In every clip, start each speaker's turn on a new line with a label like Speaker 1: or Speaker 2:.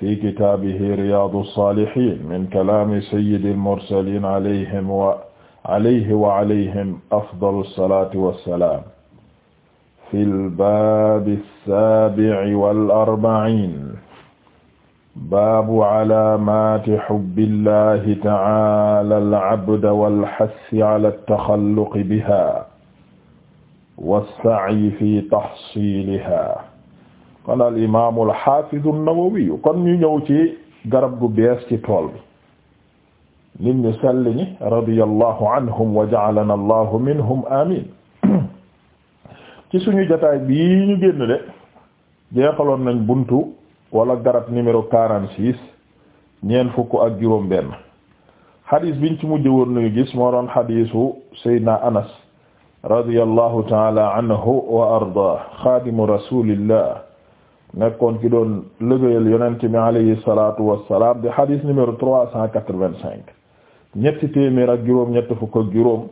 Speaker 1: fi kitaabihi riyaadu saalihiin min kalaami sayyidil mursaliin alayhim wa alayhi wa alayhim afdalu salaati wa salaam. fil baabi saabi'i wal arba'iin. baabu calaamaati xubbillaahi ta'aala al-cabda wal hassi cala at-taxalluqi bihaa was-sacyi fii taxsiilihaa. kon al imaamu al xaafizu an kon ñu ñëw ci garab gu bees ci tool bi nit ñu sell ñi radiyallahu anhum wa ja'alana allahu bii ñu génn buntu wala garab numéro quarante six ñeent fukk ak juróom benn xadiis biñ mujj woon nuy gis moo doon xadiisu Seydina Anas radiyallahu taala anhu wa ardah xadimu rasulillah nekkoon ki doon liggéeyal yonent bi alayhi salatu wassalam di hadith numéro trois cent quatre-vingt-cinq ñetti téeméer ak juróom ñett fukk ak juróom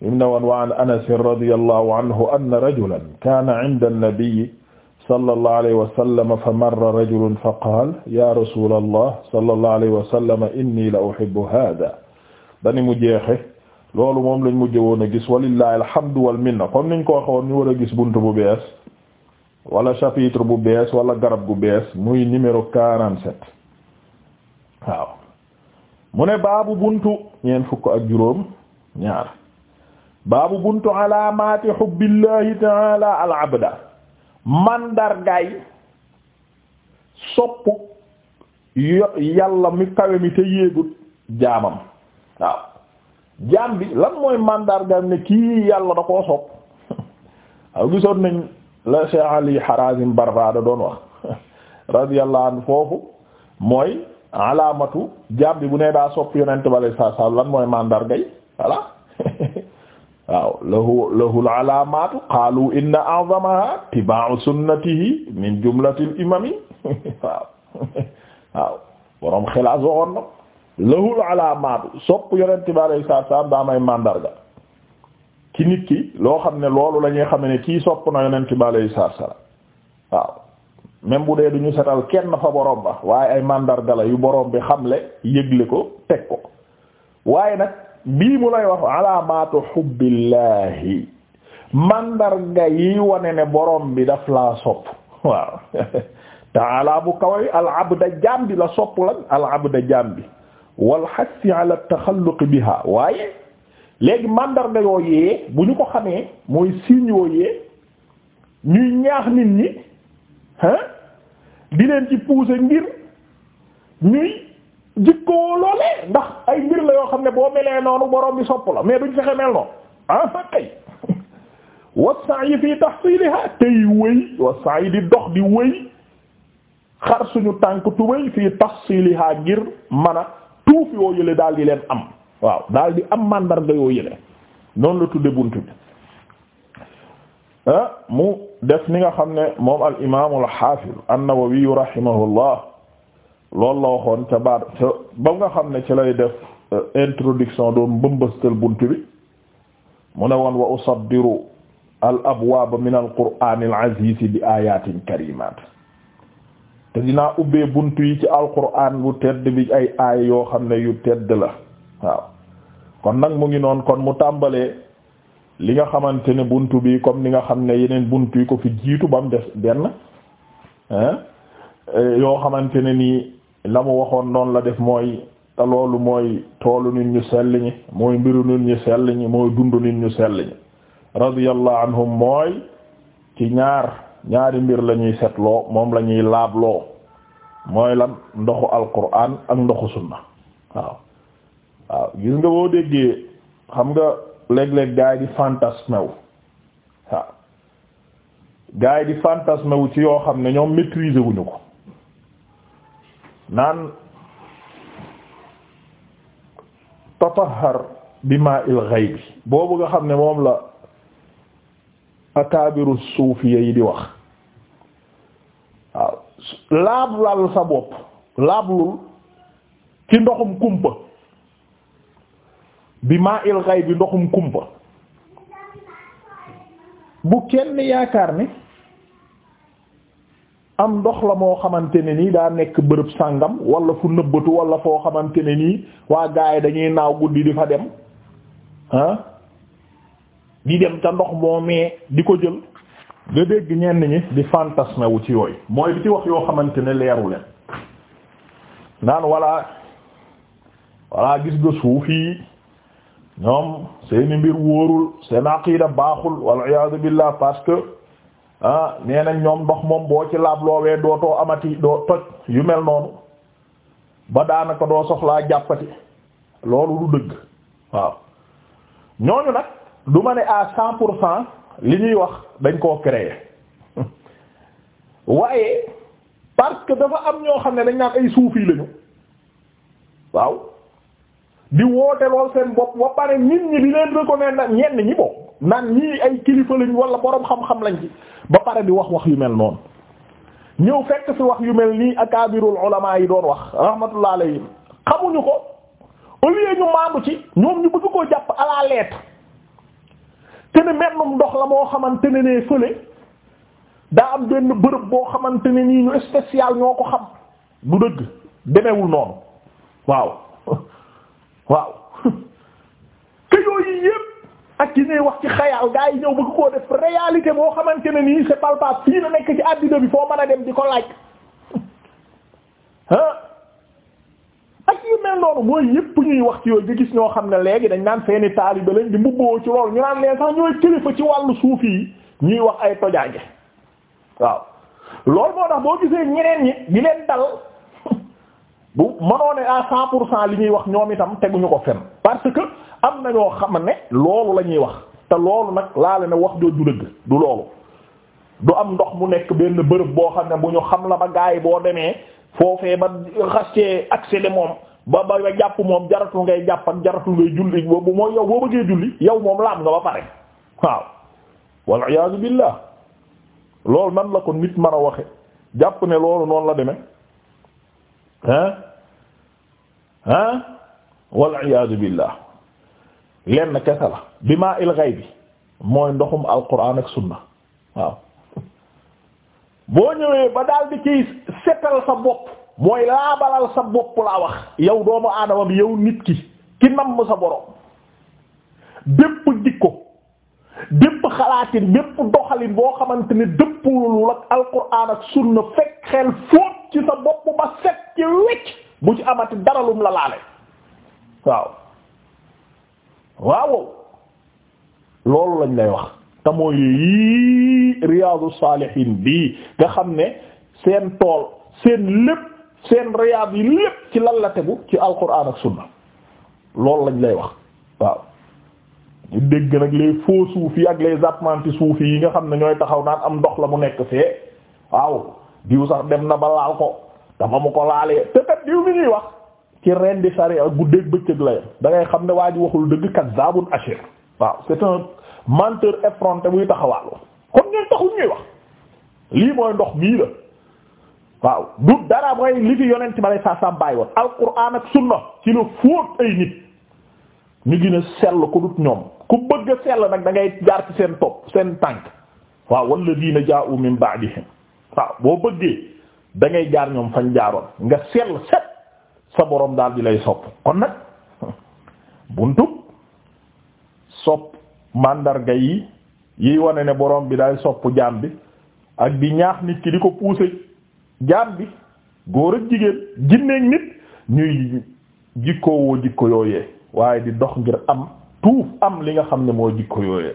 Speaker 1: im ne woon wa an anas radiyallahu anhu anna rajulan kaana inda an-nabiy sallallahu alayhi wa sallam fa marra rajulun fa qaala ya rasulallah sallallahu alayhi wa sallam inni la uhibbu haadaa dani mu jeexe loolu moom lañ mujj woon a gis walillahi alhamdu wal minna comme niñ ko waxoon ñu war a gis buntu bu bees wala chapitre bu bees wala garab gu bees muy numéro quarante-sept waaw mu ne baabu buntu ñeent fukk ak juróom ñaar baabu buntu alaamaati xubbillahi taala al abda mandargaay soppu yo yàlla mi kawe mi te yéegut jaamam waaw jaam bi lan mooy mandargaam ne kii yàlla da koo sopp waaw gisoon nañ la Cheikh Ali Harazim Barbada doon wax radiyallahu anhu foofu mooy alaamatu jaam bi bu nee daa sopp yonent bale saa saa lan mooy mandargay voilà waaw lahu lahu alaamatu qaalu inna a'zamaha tiba'u sunnatihi min jumlatil imami waaw waaw borom xilaas waxoon na lahu alaamatu sopp yonent bale saa saa daa may mandarga ci nit ki loo xam ne loolu la ñuy xam ne kii sopp na yonent bi alayhi salaam waaw même bu dee du ñu setal kenn fa borom ba waaye ay mandarga la yu borom bi xamle yëgle ko teg ko waaye nag bii mu lay wax alaamaatu xubbillaahi mandarga yi wane ne borom bi daf laa sopp waaw taalaa bu kawe al abda jaam la sopp lan al abda jaam bi wal hassi ala taxalluq biha waaye. léegi mandarga yoo yee bu ñu ko xamee mooy signe yoo yee ñuy ñaax nit ñi hein di leen ci pousser ngir ñuy jikkoo loolee ndax ay mbir la yoo xam ne boo melee noonu borom bi sopp la mais duñ fexe mel noonu ah kay was-sa'i fi tahsiliha tey wëy was-sa'i di dox di wëy xar suñu tànk tubéy fi tahsiliha ngir mën a tuuf yoo yële daal di leen am waaw daal di am mandarga yoo yële noonu la tudde bunt bi ah, mu def ni nga xam ne moom al imaamu al nawawi rahimahullah loolu la waxoon ca baat ba nga xam ne ci lay def eh, introduction doon mbëmbëstal bunt bi mu ne woon wa usaddiru al abwaab min al qur'aan al aziz bi ayatin karimaat te dinaa ubbee bunt yi ci al qur'aan bu tedd bi ay aaya yoo xam ne yu tedd la waaw kon nag mu ngi noon kon mu tàmbalee li nga xamante ne buntu bi comme li nga xam ne yeneen bunt yu ko fi jiitu ba mu des benn eh, yoo xamante ne nii la mu waxoon noonu la def mooy te loolu mooy toolu nit ñu sell ñi mooy mbiru nit ñu sell ñi mooy dundu nit ñu sell ñi radiyallahu anhum mooy ci ñaar ñaari mbir la ñuy setloo moom la ñuy laabloo mooy la ndoxu alquran ak ndoxu sunna waaw waaw gis nga boo déggee xam nga léeg-léeg gaay di fantasme wu waaw gaay di fantasme ci yoo xam ne ñoom maîtriser wuñu ko naan tatahhar bi ma'il ghayb boobu nga xam ne moom la akaabiru suuf yi di wax waaw laablal sa bopp laablul ci ndoxum kumpa bi maa il xay bi ndoxum kumpa bu kenn yaakaar ni am ndox la moo xamante ne nii daa nekk bërëb sàngam wala fu nëbbatu wala foo xamante ne nii waa gaay dañuy naaw guddi di fa dem ah di dem ca ndox moo mee di ko jël nga dégg ñenn ñi di fantasme ci yooyu mooy di ci wax yoo xamante ne leeru leen naan wala wala gis nga suuf yi ñoom seeni mbir wóorul seen aqiida baaxul wal iyaadu billah parce que ah nee nañ ñoom ndox moom boo ci laab loowee dootoo amati doo toj yu mel noonu ba daanaka doo soxlaa jàppati loolu du dëgg waaw ñooñu nag du ma ne à cent pour cent li ñuy wax dañ koo créer waaye parce que dafa am ñoo xam ne dañ naan ay suufi lañu waaw di woote lool seen bopp ba pare nit ñi di leen reconnaître ñenn ñi bokk naan ñii ay kilifa lañ wala boroom xam-xam lañ ci ba pare di wax wax yu mel noonu ñëw fekk fi wax yu mel nii akaabirul ulama yi doon wax rahmatullah alayhim xamuñu ko au ñu maandu ci ñoom ñu bëgg koo jàpp à la lettre te ne mennum ndox la moo xamante ne nee fële daa am benn bërëb boo xamante ne nii ñu spécial ñoo ko xam du dëgg demewul noonu waaw waaw te yooyu yépp ak ci ngay wax ci xayaaw gaa yi ñëw bëgg koo def réalité boo xamante ne nii c'est palpable fii la nekk ci àddina bi foo mën a dem di ko laaj ah ak yu mel noonu mooy yépp ñuy wax ci yooyu nga gis ñoo xam ne léegi dañ naan seeni taaliba lañ di mbubboo ci loolu ñu naan leen sax ñooy kilifa ci wàllu suufi yi ñuy wax ay tojaange waaw loolu moo tax boo gisee ñeneen ñi di leen dal. bu mënoo ne à cent pour cent li ñuy wax ñoom itam teguñu ko fen parce que am na ñoo xam ne loolu la ñuy wax te loolu nag laale ne wax du dëgg du loolu du am ndox mu nekk benn bërëb boo xam ne bu ñu xam la ba gaay boo demee foofee ba xasee le moom ba ba jàpp moom jaratu ngay jàpp ak jaratu ngay julli boobu mooy yow boo bëggee julli yow moom laam nga ba pare waaw wal iyaazu billaah loolu nan la ko nit mën a waxe jàpp ne loolu noonu la demee ah ah wal iyaadu billah lenn kese la bi maa il ghaybi mooy ndoxum alquran ak sunna waaw boo ñëwee ba daal di ciy setal sa bopp mooy laabalal sa bopp laa wax yow doomu aadama bi yow nit ki ki namm sa borom bépp jikko bépp xalaatin bépp doxalin boo xamante ne dëppul ak alquran ak sunna fekk xel fóot ci sa bopp ba set ci wecc bu ci amati daralum la laale waaw waaw loolu lañ lay wax te mooy yii riyaadu saalihiin bii nga xam ne seen tool seen lépp seen riyaad yi lépp ci lan la tegu ci alquran ak sunna loolu lañ lay wax waaw ñu dégg nag les suuf yi ak les apprentis suuf yi nga xam ne ñooy taxaw naan am ndox la mu nekk fee waaw diw sax dem na ba laal ko dama mu ko laalee te kat diw mi ñuy wax ci rendi sariya guddeeg bëccëg la dangay xam ne waa ji waxul dëgg kazzabun ashir waaw c'est un menteur muy taxawaalu kon ñoom taxul ñuy wax lii mooy ndox mii la waaw du dara mooy li fi yonent ba lay saa saa bàyyi woon alquran ak sunna ci la fóot ay nit ñu gën sell ku dut ñoom ku bëgg sell nag da ngay jaar ci seen topp seen tànk waaw walladina jaa'u min ba'dihim waaw boo bëggee dangay jaar ñoom fañ jaaroon nga sell set sa borom daal di lay sopp kon nag buntu sopp màndarga yi yiy wane ne boroom bi daay sopp jaam bi ak bi ñaax nit ki di ko pousser jaam bi góor ak jigéen jinneeg nit ñuy jikkoowoo jikko yooyee waaye di dox ngir am tuuf am li nga xam ne moo jikko yooyee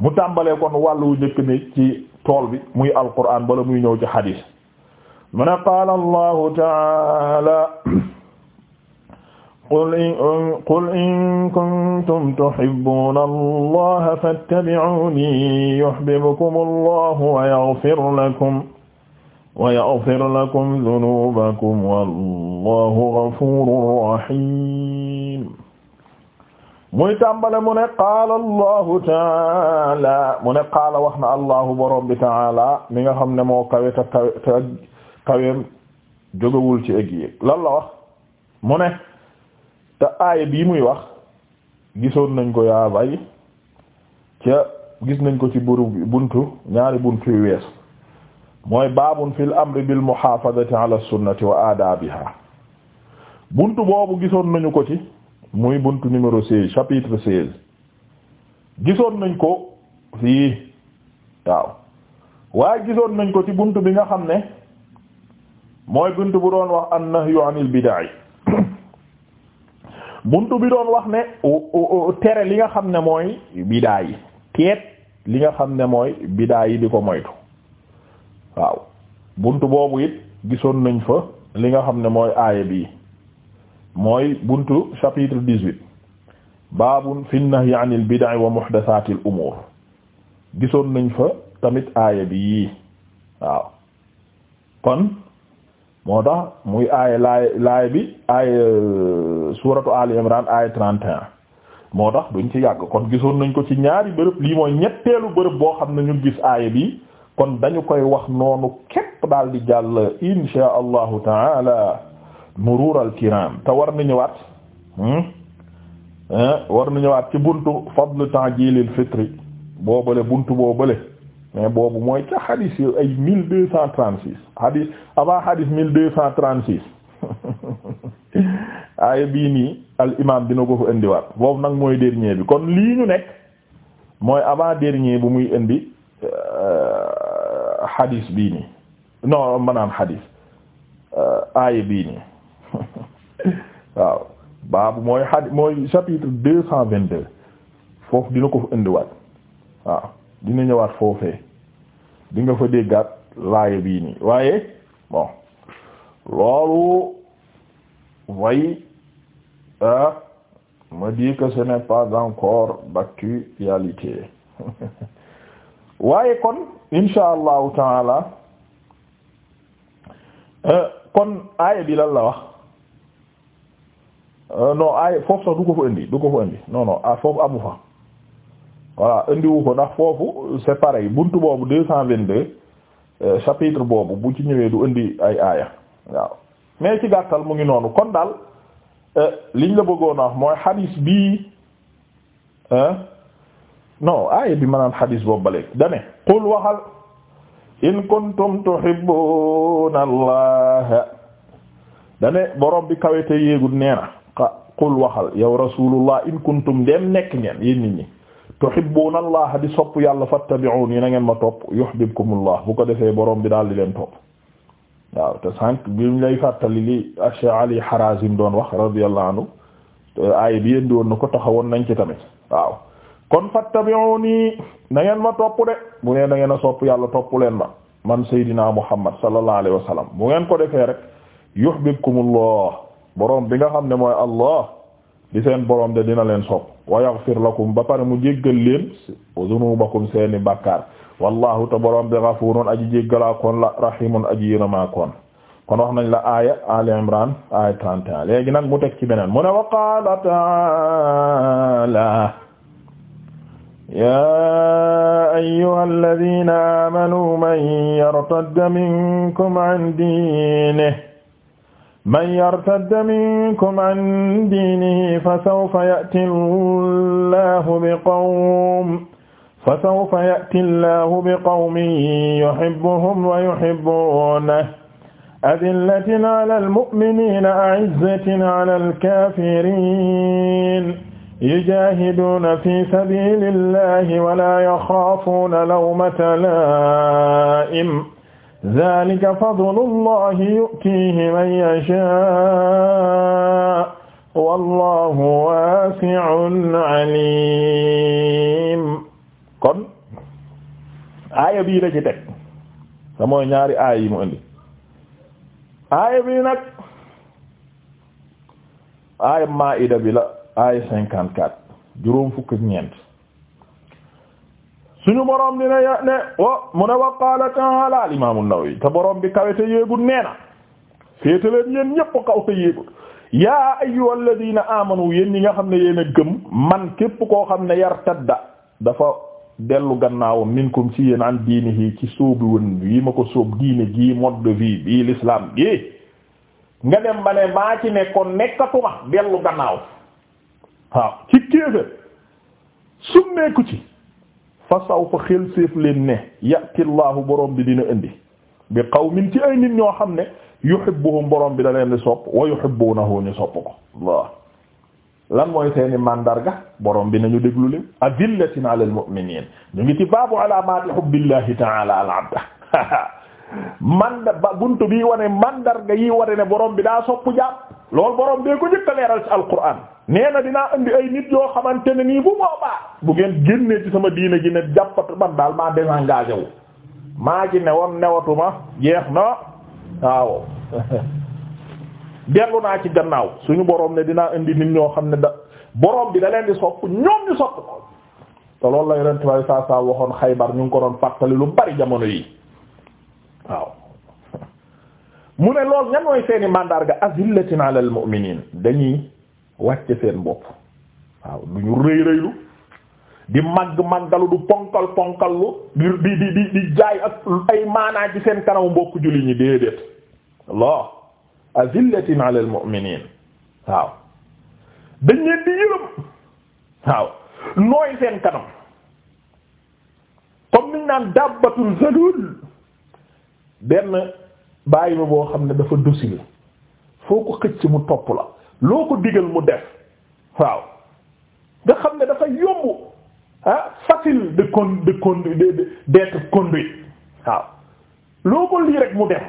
Speaker 1: mu tàmbalee kon wàllu njëkk ni ci tool bi muy alquran bala muy ñëw ci xadiis mu ne qaala allahu taala qul in qul in kuntum tuhibbuna allaha fattabi'uni yuhibbukum allahu wa yaghfir lakum wa yaghfir lakum dhunubakum wallahu ghafurur rahim muy tàmbale mu ne qaala allahu taala mu ne qaala wax na allahu borom bi taala mi nga xam ne moo kawe te kawe te kaweem jógawul ci egg yéeg lan la wax mu ne te aaya bii muy wax gisoon nañ ko yaa bay ca gis nañ ko ci buru buntu ñaari buntu yu wees mooy baabun fil amri bil muhaafadati ala sunnati wa aadaabiha buntu boobu gisoon nañu ko ci muy buntu numéro seize chapitre seize gisoon nañ ko fii waaw waaye gisoon nañ ko ci buntu bi nga xam ne mooy buntu bu doon wax an-nahyu anil bid'ah buntu bi doon wax ne tere li nga xam ne mooy bidaa yi teet li nga xam ne mooy bidaa yi di ko moytu waaw buntu boobu it gisoon nañ fa li nga xam ne mooy aaya bii mooy buntu chapitre dix-huit baabun fi nahyi anil bid'a wa muhdathatil umur gisoon nañ fa tamit aaya bi yii waaw kon moo tax muy aaya laay laay bi aaya suratu Ali Imran aaya trente moo tax duñ ci yàgg kon gisoon nañ ko ci ñaari bërëb lii mooy ñetteelu bërëb boo xam nañu ñu gis aaya bi kon dañu koy wax noonu képp daal di jàll insha allahu taala murur al kiram te war nañu waat hmm? eh, war nañu waat ci buntu fadl ta'jilil fitri boobale buntu boobale mais boobu mooy ca xadis yi ay mille deux cent trente mille deux cent trente six aaya bii nii al imam dina ko fa indiwaat boobu nag mooy dernier bi kon lii ñu nekk mooy avant dernier bu muy indi euh, xadiis bii nii non maanaam xadis euh, aaya bii nii waaw baabu mooy xadi mooy chapitre deux cent vingt deux foofu dina ko fa indiwaat waaw dina ñëwaat foofee di nga fa déggaat laaye bii nii waaye bon loolu way ah ma dis que ce n'est pas encore d'actualité waaye kon insha allahu taala eh, kon aaya bi lan la wax Euh, non ay foofu sax du ko fa indi du ko fa indi non non ah, foofu amu fa waaw indiwu ko ndax foofu c'est pareil bunt boobu deux cent vingt-deux euh, chapitre boobu bu ci ñëwee du indi ay aaya waaw mais ci gàttal mu ngi noonu kon daal euh, liñ la bëggoon wax mooy xadis bii non aaya bi ma naan xadis boobu ba léegi dane qul waxal in kuntum tuhibbuna allah dane borom bi kawete yéegul nee qul waxal yow rasulullah in kuntum dem nekk ngeen yéen nit ñi tuhibbuna allah di sopp yàlla fattabi'un yi na ngeen ma topp yuhibbukumullah bu ko defee borom bi daal di leen topp sànq bi ñu fàttali li Cheikh Ali Harazim doon wax radiyallahu aay bi yéen woon na ko taxawoon nañ ci tamit waaw kon fattabi'uni na ngeen ma topp de bu nee na ngeen a sopp yàlla topp leen ma man Seydina Muhammad sallallahu alayhi wa sallam bu ngeen ko defee rek yuhibbukumullah borom bi nga xam ne mooy allah di seen borom de dina leen sopp wa yaghfir lakum ba pare mu jéggal leen zunubakum seeni bàkkaar wallahu te borom bi ghafurun aji jéggalaa koon la rahimun aji yërëmaa koon kon wax nañ la aaya ali imran aaya 31 léegi nag mu teg ci beneen mu ne wa qaala taala yaa ayyuhal ladina man yartadda minkum an diinihi man yartadda minkum an diinihi fa sawfa ya'ti Allahu bi qawmin fa sawfa ya'ti Allahu bi qawmin yuhibbuhum wa yuhibbunahu adillatin 'alal mu'miniina 'izzatin 'alal kaafiriin yujaahiduuna fi sabiilillahi wa laa yaxaafuuna lawmata laa'im zaalika fadlullahi yu'tiihi man yashaa wallaahu waasi'un aliim. kon aaya bii la ci teg sa mooy ñaari aaya yi mu indi aaya bii nag aaya Maa'ida bi la aaya cinquante-quatre juróom fukk ak ñeent. suñu borom dina ya ne wa mu ne wa qaala ta'ala al imam te borom bi kawe te yéegul nee na féete leen yéen ñëpp kaw te yéegul yaa ayyuhal ladina amanu yéen ñi nga xam ne yéen a gëm man képp koo xam ne yartadda dafa dellu gannaaw minkum ci yéen an diinihi ci sóobi won yi ma ko sóob diine gii mode de vie bii l'islam gii nga dem ba ne maa ci nekkoon nekkatuma dellu gannaaw waaw ci kéefër summeeku ci fa saw fa xel séef leen ne yati llahu borom bi dina indi bi qawmin ci ay nit ñoo xam ne yuhibbuhum borom bi da leen di sopp wa yuhibbunahu ñu sopp ko waaw lan mooy seeni mandarga borom bi nañu déglu leen adillatin ala al mu'minin ñu ngi ci baabu alaamati hubbillahi ta'ala al abda manda ba buntu bi wane mandarga yi wane ne borom bi daa sopp jàpp loolu boroom bee ko njëkk a leeral ci alquran nee dinaa indi ay nit yoo xamante ne nii bu boobaa bu ngeen génnee ci sama diina ji ne jàppatu ban daal maa désengagé wu maa ci newoon newatuma jeex na waaw dellu naa ci gannaaw suñu boroom ne dinaa indi nit ñoo xam ne da borom bi da leen di sopp ñoom ñu sopp te loolu la yonent bi saa saa waxoon xaybar ñu ngi ko doon fàttali lu bari jamono yi waaw. mu ne lool ñan mooy seeni mandarga azillatin ala al mu'minin dañuy wàcce seen bopp waaw du ñu rëy rëylu di màgg màggalu du ponkal ponkallu di di di di jaay ay maanaa ci seen kanamu mbokk julli ñi déedéet Allah azillatin ala al waaw dañ leen di yërëm waaw nooy seen kanam comme niñ naan dabbatul zalul benn bàyyi ba boo xam ne dafa docile foo ko xëcc mu topp la loo ko digal mu def waaw nga xam ne dafa yomb ah facile de con de conduire de d'être conduit waaw loo ko lii rek mu def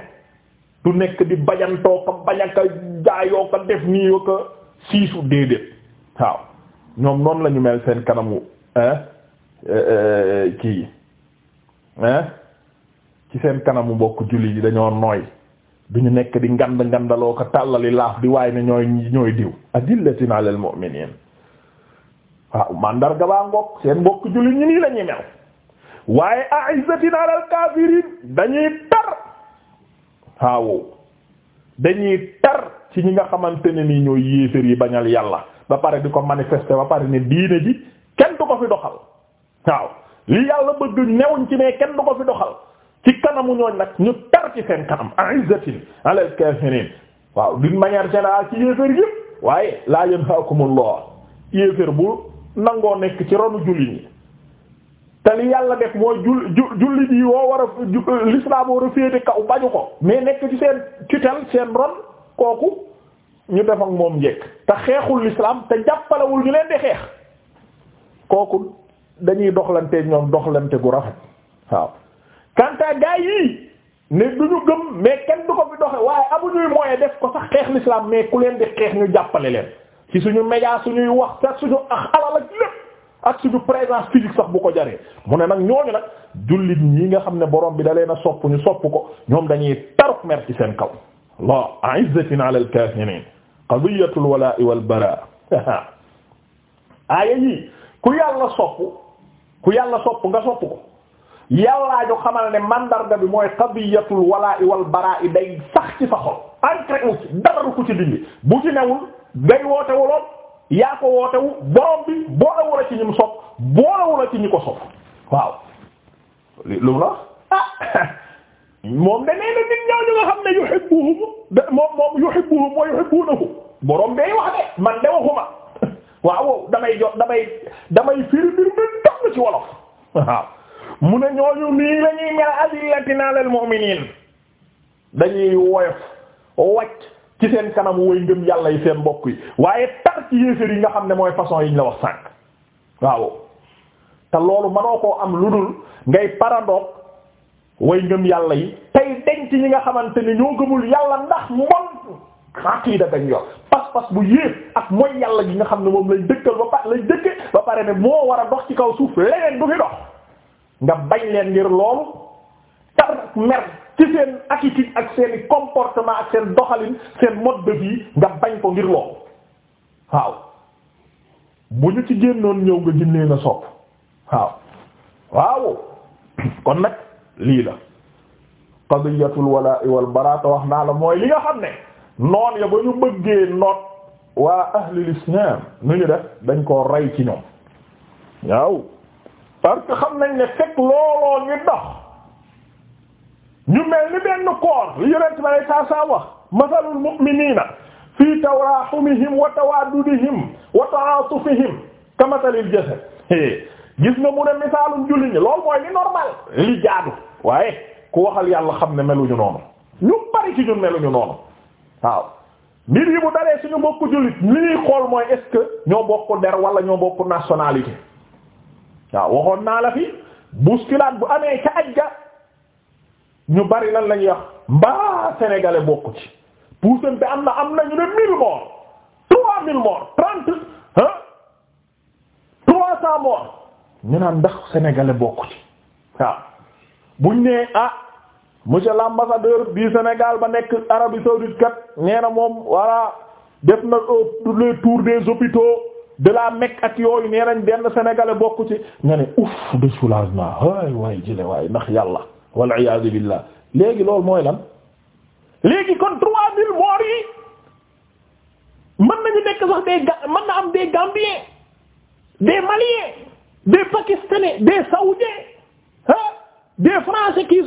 Speaker 1: du nekk di bajantoo ko bañaka jaayoo ko def nii yoo ko siisu déedéet waaw ñoom noonu la mel seen kanamu ah kii ah. ci seen kanamu mbokk julli yi dañoo nooy duñu nekk di ngand ngandaloo ko tàllali laaf di waaye ne ñooy ñooy diw adillatin alal mu'minin waaw mandarga baa mbokk seen mbokk julli ñi nii lañuy mel waaye a'izzatin alal kafirin dañuy tar waaw dañuy tar ci ñi nga xamante ne nii ñooy yéeféer yi bañal yàlla ba pare di ko manifester ba pare ne diine ji kenn du ko fi doxal waaw li yàlla bëgg newuñ ci ne kenn du ko fi doxal ci kanamu ñooñ nag ñu tar seen kanam a'izzatin 'ala al-kafirin waaw d'une manière générale ci yéeféer yëpp waaye laa yanhaakumullah yéeféer bu nangoo nekk ci ronu julli ñi te li yàlla def mooy jul julli bi woo war a l'islam war féete kaw bañu ko mais nekk ci seen tutelle seen ron kooku ñu def ak moom njëkk te xeexul l'islam te jàppalewul ñu leen di xeex kooku dañuy doxlante ñoom doxlante gu rafet waaw kanta gaay yii ne du ñu gëm mais kenn du ko fi doxe waaye amuñuy moyen def ko sax xeex l'islam mais ku leen di xeex ñu jàppale leen ci suñu média suñuy wax sax suñu alal ak lépp ak suñu présence physique sax bu ko jaree mu ne nag ñooñu nag jullit ñi nga xam ne borom bi da na a sopp ñu sopp ko ñoom dañuy taruk mer ci seen kaw la izzatin ala al-kafirin qadiyatul wala'i wal bara aaya yi ku yàlla sopp ku yàlla sopp nga sopp ko yàllaa ñu xamal ne màndarga bi mooy qadiyatul walaa'i wal baraa'i day sax ci sa xol ancré wu ko ci dindi bu ci newul day woote wuloon yaa ko woote wu borom bi boolewul a ci ñim sopp boolewul a ci ñi ko sopp waaw lu la ah moom da nee na nit nga xam ne yuhibbuhum da moom moom yuhibbuhum wa yuhibbunahu borom day wax de man de waxuma waaw damay jot damay damay firi mbir mi dox ci wolof mu ne ñooñu nii la ñuy mel azillatina lil mu'minin dañuy woyof wàcc ci seen kanamu woy ngëm yàlla yi seen mbokk yi waaye tar ci yéeféer yi nga xam ne mooy façon yi ñu la wax sànq waaw te loolu mënoo ko am lu dul ngay paradoxe way ngëm yàlla yi tey denc ñi nga xamante ni ñoo gëmul yàlla ndax kii aqiida dañ yor pas-pas bu yéef ak mooy yàlla gi nga xam ne moom lañ dëkkal ba pare lañ dëkk ba pare ne moo war a dox ci kaw suuf leneen du fi dox nga bañ leen ngir loolu tar mer ci seen attitude ak seeni comportement ak seen doxalin seen mode de nga bañ ko ngir loolu waaw bu ñu ci génnoon ñëw nga gin leen a sopp waaw waaw kon nag lii la qadiyatul walaa'i wal baraata wax naa la mooy li nga xam ne noon ya ba ñu bëggee noot waa ahlul islam nu ñu def dañ koo rey ci ñoom waaw parce que xam nañ ne fekk looloo ñu dox ñu mel ni benn koor li yonent ba lay saa saa wax masalul mu'minina fi tawahumihim wa tawaddudihim wa ta'atufihim kamasalil jasad gis nga mu ne misaalum julli ñi loolu mooy li normal li jaadu waaye ku waxal yàlla xam ne meluñu noonu ñu bari ci ñun meluñu noonu waaw mbir bu dalee suñu bokk jullit li ñuy xool mooy est-ce que ñoo bokk der wala ñoo bokk nationalité waaw waxoon naa la fi bousculade bu amee ca ajja ñu bari lan lañuy wax mbaa sénégalais bokku ci puusante am na am na ñu ne mille morts trois mille morts trente hein trois cents morts ñu naan ndax sénégalais bokku ci waaw buñ nee ah monsieur l'ambassadeur du Sénégal ba nekk Arabie saoudite kat nee moom voilà def na euh, le tour des hôpitaux de la Mecque ak yooyu nee nañ benn sénégalais bokk nga ne ouf de soulagement waay waay jële waay ndax yàlla wal iyaadu billah léegi loolu mooy lan léegi kon trois mille morts yi mën nekk sax des ga- mën na am des Gambiens des Maliens des Pakistanais des Saoudiens ah des Français qui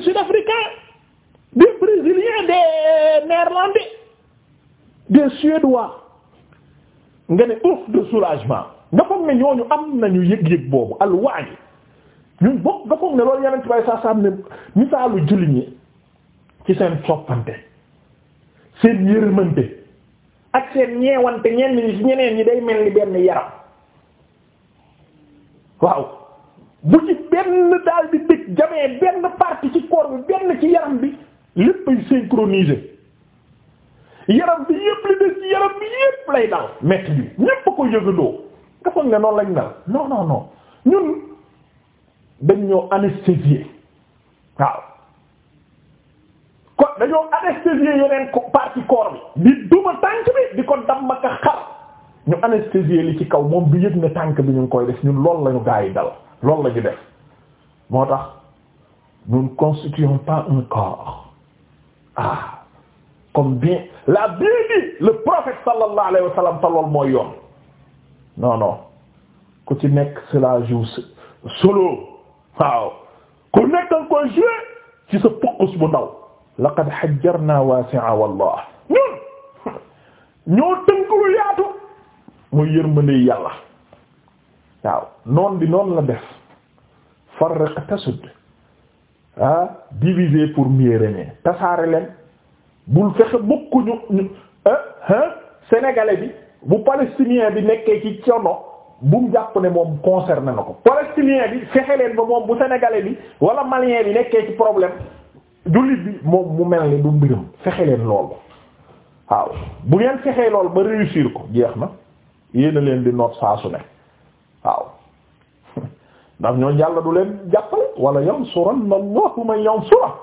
Speaker 1: Sud-Africains des Brésiliens des Néerlandais des Suédois nga ne ouf de soulagement nga foog ne ñooñu am nañu yëg-yëg boobu alwaañ ñun bokk nga foog ne loolu yeneen ci bay saa saam ne misaalu jullit ñi ci seen soppante seen yërmante ak seen ñeewante ñenn ñi ci ñeneen ñi day mel ni benn yaram waaw bu ci benn daal di dëkk jamee benn partie ci corps bi benn ci yaram bi léppay synchronisé yaram bi yépp li des yaram bi yépp lay dal metti bi ñépp a ko yëgandoo nga foog ne noonu lañ mel non non non ñun dañ ñoo anesthésier waaw kon dañoo anesthésier yeneen partie corps bi di duma tànk bi di ko damm ak xar ñu anesthésier li ci kaw moom bi yëg ne tànk bi ñu ngi koy def ñun loolu lañu gaa yi dal loolu la ñu def moo tax nous ne constituons pas un corps ah comme bien l'a bien le prophète sallallahu alayhi wa sallam te lool mooy yoon non non ku ci nekk cela joue ci sa focus bu ndaw laqad hajjarna wasi'a wallah ñun ñoo tënklu yaatu muy yërmande yàlla noon bi noonu la def farriq tasud ah diviser pour mieux régner bul fexe mukk ñu ñu sénégalais bi bu palestinien bi nekkee ci coono bu mu jàpp ne moom concerné na ko palestinien bi fexe leen ba moom bu sénégalais bi wala malien bi nekkee ci problème jullit bi moom mu mel ni du mbiram fexe leen loolu waaw bu ngeen fexee lool ba réussir ko jeex na yéena leen di noot saa ne waaw ndax ñoo yàlla du leen jàppale wala yansuranna allahu man yansurah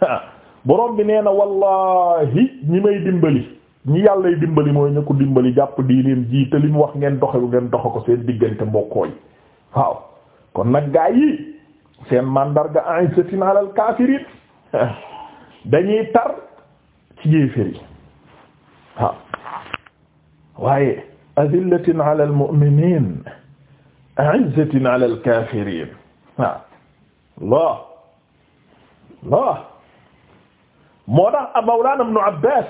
Speaker 1: borom bi nee na wallahi ñi may dimbali ñi yàllay dimbali mooy ñu dimbali jàpp diineem ji li mu wax ngeen doxe ngeen doxe ko seen diggante mbokkoo yi waaw kon nag gaa yi seen mandarga a'izzatin alal kaafiriin dañuy tar moo tax mawlaana ibnu Abbaas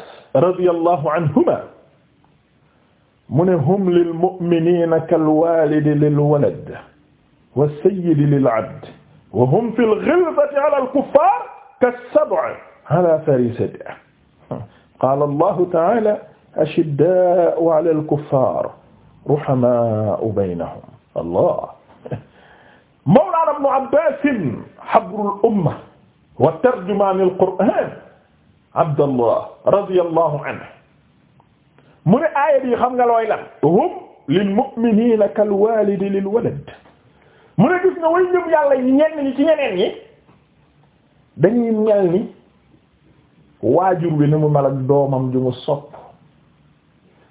Speaker 1: radiyallahu anhuma mu ne hum lil mu'miniina kal waalidi lil walad was sayyidi lil abd wa hum fil ghilzati ala al kuffaar kas sab'i ala farisatihi qaala Allahu ta'aala ashiddaa'u ala al kuffaar ruhamaa'u baynahum Allah mawlaana ibnu Abbaas habrul umma wa tarjumaanul qur'aan abdallah radiyallahu anhu mu ne aaya bi xam nga looy lan hum lil mu'minina kal walidi lil walad mu ne gis nga ci ñeneen ñi dañuy mel waajur bi ni mu mel ak doomam ju mu sopp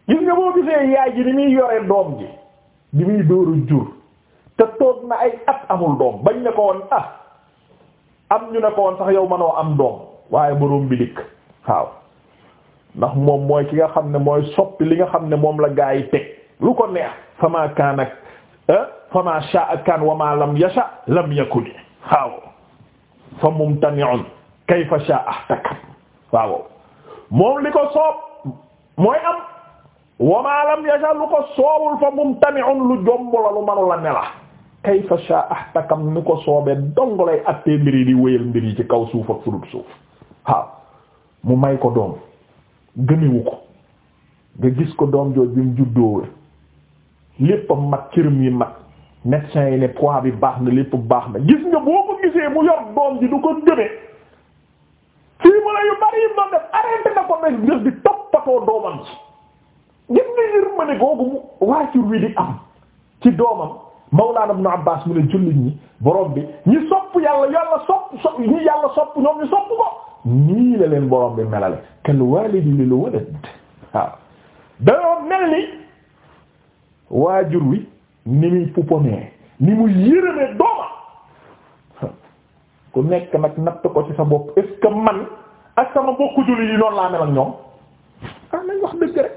Speaker 1: gis nga boo gisee yaay ji ni muy yore doom ji di muy dóoru jur te toog na ay at amul doom bañ ne ko woon ah am ñu ne ko woon sax yow mënoo am doom waaye boroom bi dikk waaw ndax moom mooy ki nga xam ne mooy soppi li nga xam ne moom la gaa yi teg lu ko neex fama eh? kaan ak fama sha'a kan wa ma lam yasha sha'a ahtakam ko soob mooy am wa ma lam yasha ko soowul fa mumtani'un lu jomb la lu manu la ne la kayfa sha'a ahtakam ni ko soobee dong lay attee mbir yi di wéyal mbir yi ci kaw suuf ak fudut suuf waaw mu may ko doom gëniwu ko nga gis ko doom jooj bi mu juddoo lépp a mat cërëm yi mat médecin yi ne poids bi baax na lépp baax na gis nga boo ko gisee mu yor doom ji du ko gëmee fii mu ne yu bari yi doon def arrêté na ko mais ngir di toppatoo doomam ci gis nga yërmande googu mu waajur wi di am ci doomam Mawlana Ibn Abbas mu ne jullit ñi borom bi ñi sopp yàlla yàlla sopp sopp ñoom ñu sopp ko nii la leen borom bi melal kal walidi lil walad waaw dañoo mel ni waajur wi ni muy pouponné ni mu yërëme dooma ku nekk nag natt ko ci sa bopp est ce man ak sama bokku julli yi noonu laa mel ak ñoom ah nañ wax dëgg rek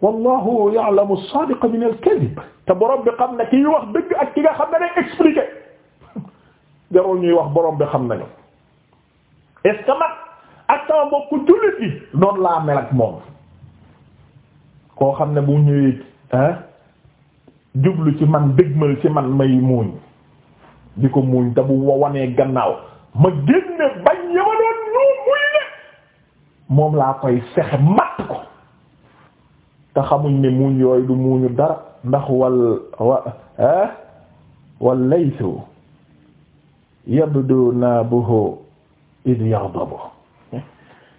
Speaker 1: wallahu ya'lamu as min al-kadhib te borom bi xam ne ki wax dëgg ak ki nga xam ne day expliquer jarul ñuy wax boroom bi xam nañu est ce ak sama mbokku jullit yi noonu laa mel ak moom koo xam ne bu ñëwee ah jublu ci man dëgmal ci man may muuñ di ko muuñ te bu wanee gannaaw ma génne moom laa koy fexe matt xamuñ ne muuñ yooyu ndax wal wa ah wal laysu yabdu naabuhu id yagdabu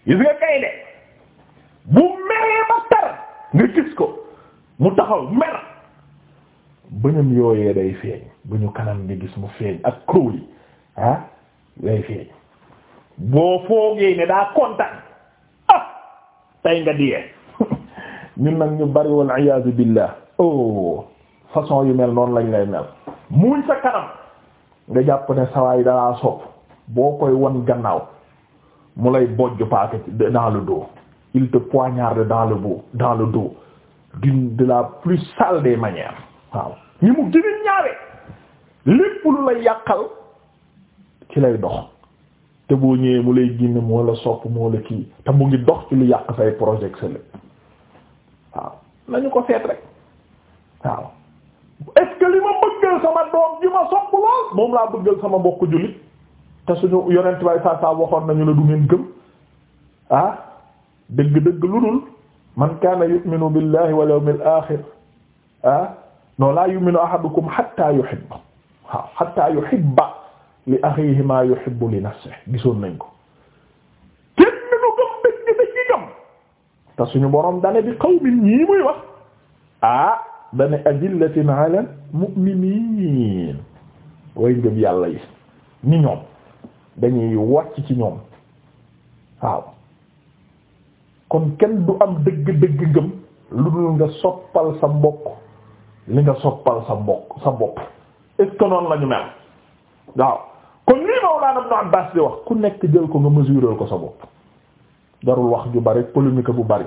Speaker 1: gis nga gaynde bu meree ba tar nga gis ko mu taxaw mer bëñam yooyee day feeñ bu ñu kanam nga gis mu feeñ ak kow yi ah day feeñ boo foogee ne daa kontaan ah, tey nga diyee ñun nag ñu bari wal iyaadu oh, façon yu mel noonu lañ lay mel muuñ sa kanam nga jàpp ne sawaay dalaa sopp boo koy won gannaaw mu lay bojj paaka ci dans le dos il te poignarde dans le dos dans de la plus sale des manières waaw ni mu gën a lépp lu la yàqal ci lay dox te boo ñëwee mu lay génn moo la sopp moo la kii te mu ngi dox ci lu yàq say projet sele waaw nañu ko seet rek waaw est li ma bëggal sama doom ji ma sopp lool moom laa bëggal sama mbokk jullit te suñu yonent bay saa saa waxoon nañu la du ngeen gëm ah dëgg-dëgg lu dul man kaana yu'minu billahi wal yawmil aaxir ah non laa yu'minu ahadukum hatta yuhibba waaw hatta yuhibba li axiihi maa yuhibbu li nafsihi gisoon nañ ko. kenn nu gëm dëgg dëgg gëm te suñu borom dane bi qawmin ñii muy wax ah dane ajillatin ala mu'minin way ngëm yàlla yi ni ñoom. dañuy wàcc ci ñoom waaw kon kenn du am dëgg-dëgg ngëm lu dul nga soppal sa mbokk li nga soppal sa mbokk sa bopp est ce que noonu la ñu mel waaw kon lii Mawlana Ibn Abbas di wax ku nekk jël ko nga mesurer ko sa bopp darul wax ju bari polémique bu bari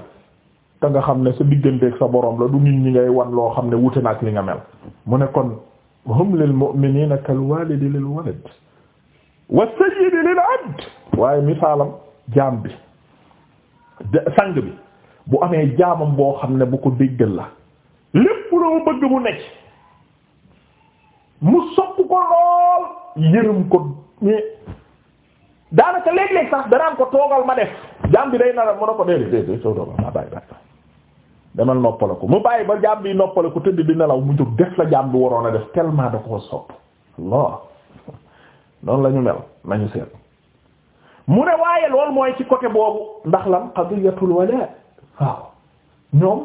Speaker 1: te nga xam ne sa digganteeg sa borom la du nit ñi ngay wan loo xam ne wute na ak li nga mel mu ne kon hum lil mu'minina kal walidi lil walad wa sayyidi waaye misaalam jaam bi sang bi bu amee jaamam boo xam ne bu ko déggal la lépp loo bëgg mu nekk mu sopp ko lool yërëm ko mais daanaka léeg-léeg sax danaan ko toogal ma def jaam bi day nar a a ko déedéet déedéet soo toogal maa bàyyi bàyyi demal mu bàyyi ba jaam bi noppaleku tëdd di nelaw mu jóg def la jaam bi waroon a def tellement da koo sopp Allah noonu la ñu mel nañu seet mu ne waaye loolu mooy ci côté boobu ndax lan qadiyatul wala waaw ñoom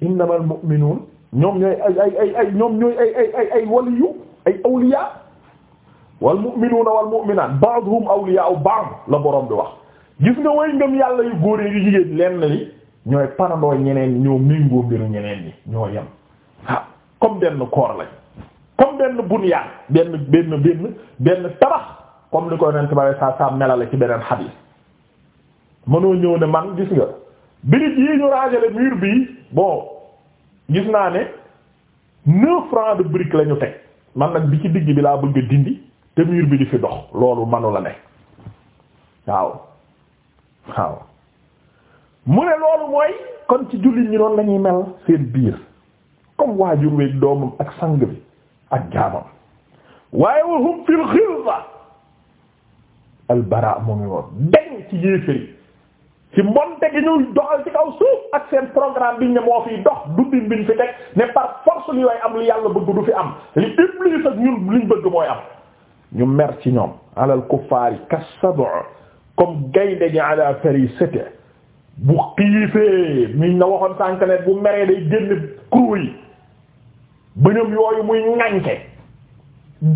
Speaker 1: innamal mu'minuun ñoom ñooy ay ay ay ñoom ñooy ay ay ay ay waliyu ay awliya wal mu'minuuna wal mu'minaat ba'duhum awliyaa'u ba'd la boroom bi wax gis nga way ngëm yàlla yu góor yi jigéen lenn li ñooy parandoo ñeneen ñoo méngoo mbiru ñeneen ñi ñoo yem comme denn koor lañ comme benn bunyaan benn benn benn benn tabax comme li ko yonent ba saa saa melale ci beneen xadiis mënoo ñëw ne man gis nga birig yi ñu rangale mur bii bon gis naa ne neuf francs de brique la ñu teg man nag bi ci digg bi laa bëgg dindi te mur bi di fi dox loolu manu la ne waaw waaw mu ne loolu mooy kon ci jullit ñi noonu lañuy mel seen biir comme waajur week doomam ak sang bi ak jaamam waaye wa hum fil xilda albara mu ngi woon dañ ci yéeféri ci mbonte gi ñuy doxal ci kaw suuf ak seen programme biñ ne moo fiy dox dundin biñ fi teg ne par force li way am lu yàlla bëgg du fi am li iblis ak ñun liñ bëgg mooy am ñu mer ci ñoom alal kuffaari kasabo comme gaynde gi ala farisate bu xiifee miñ na waxoon sànk ne bu meree day génn kruy bëñam yooyu muy ŋañke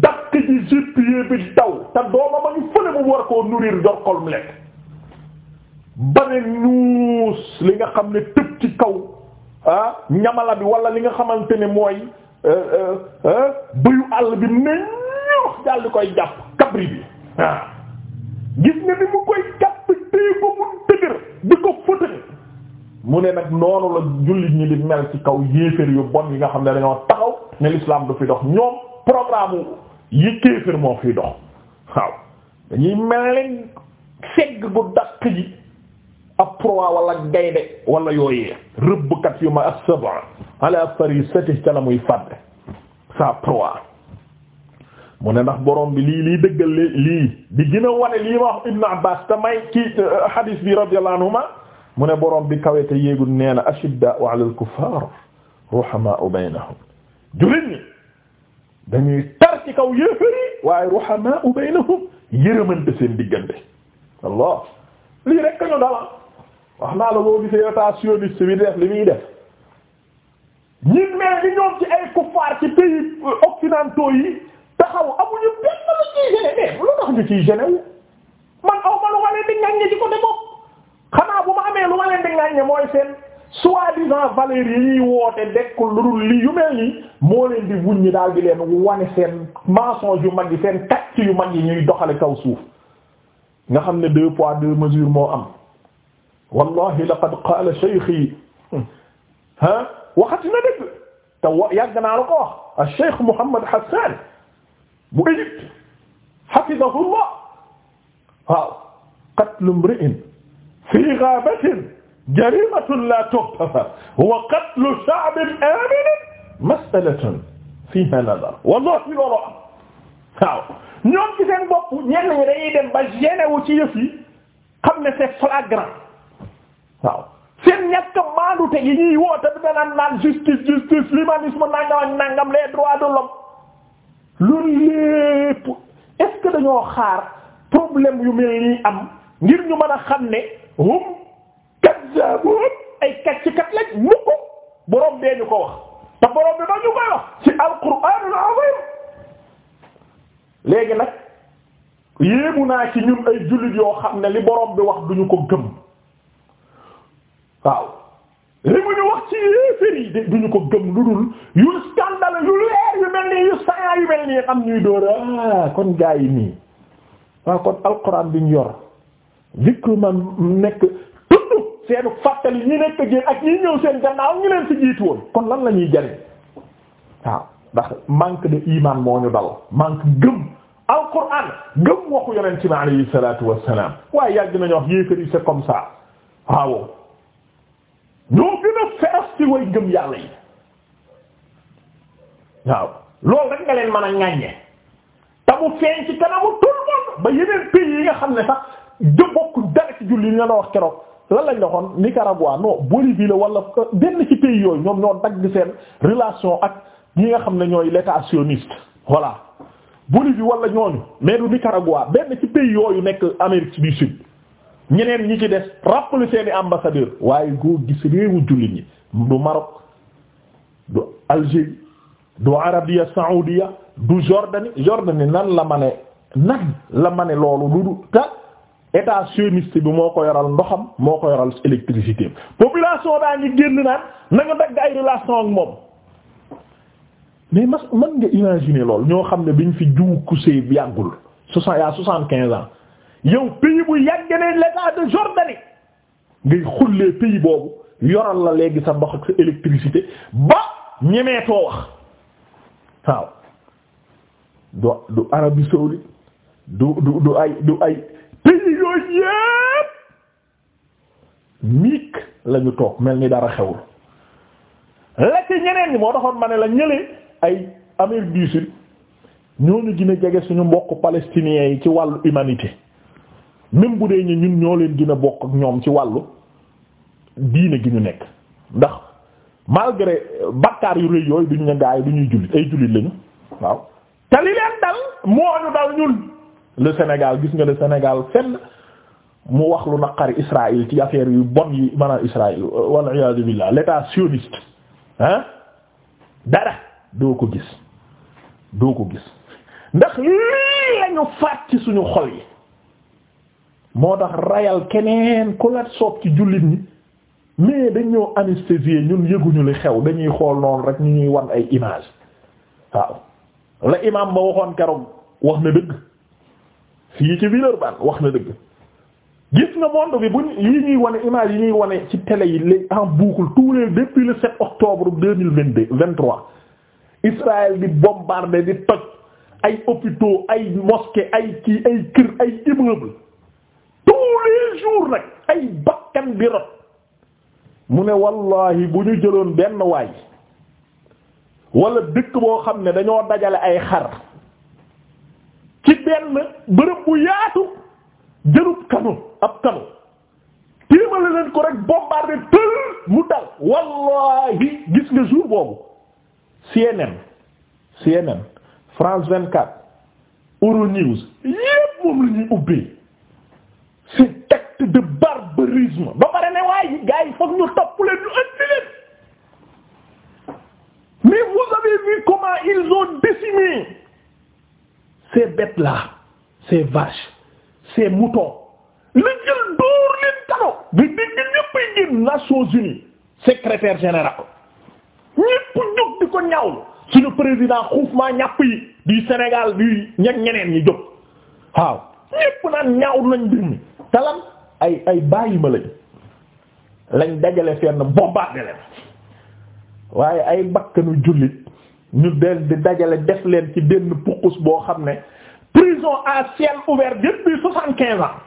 Speaker 1: dakk ji jéppiyee bi daw te dooma ma fële mu war koo nourrir jor kolm lekk ba li nga xam ne tëb ci kaw ah ñamala bi walla li nga xamante ne mooy euh, euh, euh, bëyu àll bi ne ñoox koy jàpp kabri bi waaw ah. gis nga ni mu koy jàpp téye ko mu dëgër di ko fëtëx mu ne nag noonu la jullit ñi di mel ci kaw yéeféer yu bon yi nga xam ne dañoo taxaw ne l'islam du fi dox ñoom programme yi kéeféer moo fiy dox waaw dañuy mel ni segg gu ji ab proie wala gaynde wala yooyee rëbbkat yu ma as-sab'a ah. ala farisatihi ca la muy fàdd sa proie mu ne ndax boroom bi lii lii dëggal lii di gën a wane lii ma wax Ibn Abbas te may ci euh, hadis bi radiyallahu anhuma mu ne borom bi kawe te yéegul nee na ashiddaa'u alal kuffaar ruhamaa'u baynahum jullit ñi dañuy tar ci kaw yéefari waaye ruhamaa'u baynahum yërëmante seen diggante Allah lii rek ñu dala wax naa la boo gisee état sioniste bi def li muy def ñun mais li ñoom ci ay kuffaar ci pays occidentaux yi taxaw amuñu benn lu ciy gêné mais lu tax ñu ciy gêné wu man aw ma lu walee di ñaan ñi ci xanaa bu ma amee lu ma leen mooy seen soi-disant valeurs yi woote dekkul lu dul li yu mel nii moo leen di wuññi daal di leen wane seen mensonge yu mag seen kàcc yu mag yi ñuy doxale kaw suuf nga xam ne deux poids deux mesures moo am wallahi laqad qaala shaykhi ah waxati na dëgg te wa yàgg naa la ko wax al shaykh Muhammad Hassan bu Égypte hafidahullah waaw qatlu imri'in fii ghaabatin jarimatun laa tughfar wa qatlu sha'bin aaminin mas'alatun fiihaa nadar wallahi loolu am waaw ñoom ci seen bopp ñenn dem ba gêné wu ci yëf yi xam ne c'est flagrant waaw seen ñàkk maandu te yi ñuy woote bi danaan naan justice justice l'humanisme nangam ak nangam les droits de l'homme loolu lépp est-ce que dañoo xaar problème yu mel nii am ngir ñu mën a xam ne hum kazzabun ay kàcckat lañ mukk borom bee ñu ko wax te borom bi ba ñu koy wax ci alquraanul azim léegi nag yéemu naa ci ñun ay jullit yoo xam ne li boroom bi wax duñu ko gëm waaw li mu ñu wax ci yéeféer yi duñu ko gëm lu dul yu scandale yu leer yu mel nii yu sañaa yu mel nii am ñuy door ah kon gaa yi nii waaw kon alquran bi ñu yor zikru man nekk tudd seenu fàttali ñi nekk génn ak ñi ñëw seen gannaaw ñu leen ci jiitu woon kon lan la ñuy jariñ waaw ndax manque de iman moo ñu dal manque gëm alquran gëm waxu yonent bi alayhi salatu wassalam waaye yàgg nañu wax yéefar yi c'est comme ça waaw ñoo gën a fees ci way gëm yàlla yi waaw loolu rek nga leen mën a ŋàññe te feeñ ci kanamu tout le ba yeneen pays yi nga xam ne sax jë bokk dara ci julli ñu la wax keroog lan lañ la waxoon Nicaragua non Bolivie la wala euh, benn ci pays yooyu ñoom ñoo dagg seen relation ak ñi nga xam ne ñooy l'état sioniste voilà Bolivie wala ñooñu mais du Nicaragua benn ci pays yooyu nekk Amérique du Sud ñeneen ñi ci des rappelé seeni ambassadeur waaye goo gis réewu jullit ñi du Maroc du Algérie du Arabia Saoudia du Jordanie Jordanie nan la ma nan la ma ne loolu lu du ta état sioniste bi moo ko yoral ndoxam moo ko yoral électricité population daa ngi génn naan na nga dagg ay relation ak moom mais mas nga imaginer lool ñoo xam ne biñ fi jiwu kusee yàggul soixante yaa soixante quinze ans yow pays bu yàgg ne l'état de Jordanie ngay xullee pays boobu yoral la léegi sa ndox ak sa électricité ba ñemeetoo wax waaw du du Arabie saoudite du du du ay du ay pays yooyu yépp miig la toog mel ni dara xewul la ci ñeneen ñi moo taxoon ma ne la ñële ay Amérique du Sud ñooñu gën jege suñu mbokk palestiniens yi ci wàllu humanité même bu dee ñu ñun ñoo leen gën a bokk ak ñoom ci wàllu diine gi ñu nekk ndax malgré bakkaar yu rëy yooyu duñ ne gaa yi du ñuy jullit ay jullit lañu waaw te li leen dal moo ñu dal ñun. le Sénégal gis nga le Sénégal fenn mu wax lu naqari Israël ci affaire yu bon yi maanaam Israël wal iyaadu billah l'état sioniste hein dara doo ko gis doo ko gis ndax lii lañu faat ci suñu xol yi moo tax rayal keneen ku la soob ci jullit ñi mais dañoo anesthésier ñun yëguñu li xew dañuy xool noonu rek ñu ñuy wan ay image waaw la imam ba waxoon keroog wax na dëgg fii ci Villeurbanne wax na dëgg gis nga monde bi buñ yi ñuy wane image yi ñuy wane ci télé yi léegi en boucle tous les depuis le 7 octobre 2022 23 Israël di bombarder di toj ay hôpitaux ay mosquées ay kii ay kër ay immeubles tous les jours nag ay bakkan bi rot mu ne wallahi bu ñu jëloon benn waay wala dëkk boo xam ne dañoo dajale ay xar ci benn bërëb bu yaatu jërub kanu ab kanu téemale leen ko rek bombardé tël mu dal wallahi gis nga jour boobu CNN CNN France 24 Euronews yépp moom la ñuy ubbee cet acte de barbarisme ba pare ne waaye gars yi foog ñu topp leen ñu ëndi leen mais vous avez comment ils ont décimé ces bêtes-là ces vaches ces la jël dóor leen talo nga dégg ñëpp ay Nations Unies secrétaire général ñëpp jóg di ko ñaawlu suñu président xuufmaa ñàpp yi du Sénégal du ñeg ñeneen ñi jóg waaw ñëpp naan ñaawlu nañ mbir mi ay ay bàyyi ma lañ lañ dajale fenn bombardé leen waaye ay bakkanu jullit ñu del di dajale def leen ci benn pukus boo xam ne prison à ciel ouvert depuis soixante quinze ans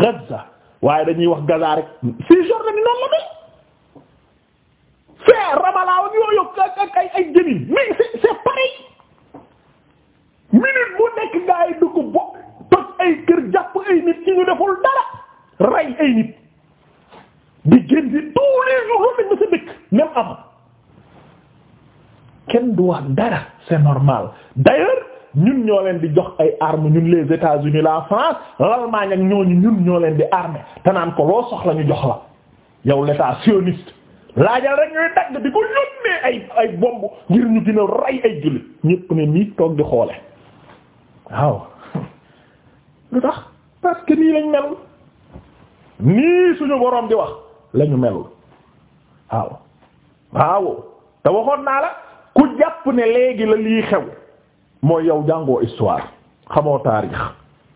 Speaker 1: Gaza waaye dañuy wax Gaza rek si Jordanie noonu la mel c'est Ramallah ak yooyu ak ak ay ay jëli mais c'est c'est pareil minute bu nekk gaa yi dugg bokk toj ay kër jàpp ay nit ci ñu deful dara rey ay nit di génn di tous les jours lañ ma sa dëkk même avant kenn du wax dara c'est normal d'ailleurs ñun ñoo leen di jox ay armes ñun les États-Unis la France l'Allemagne ak ñooñu ñun ñoo leen di armé te naan ko loo soxla ñu jox la yow l'État sioniste laajal rek ñooy dagg di ko yónnee ay ay bomb ngir ñu gën rey ay jullit ñépp ne nii toog di xoole waaw lu tax parce que nii lañ melul nii suñu boroom di wax lañu melul waaw waaw te waxoon naa la ku jàpp ne léegi la lii xew mooy yow jàngoo histoire xamoo taarix